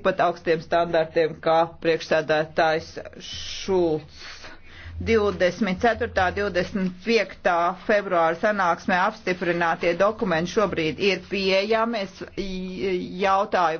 tikpat augstiem standartiem kā priekšsēdētājs Šulcs. 24. 25. februāra sanāksmē apstiprinātie dokumenti šobrīd ir pieejami. Es jautāju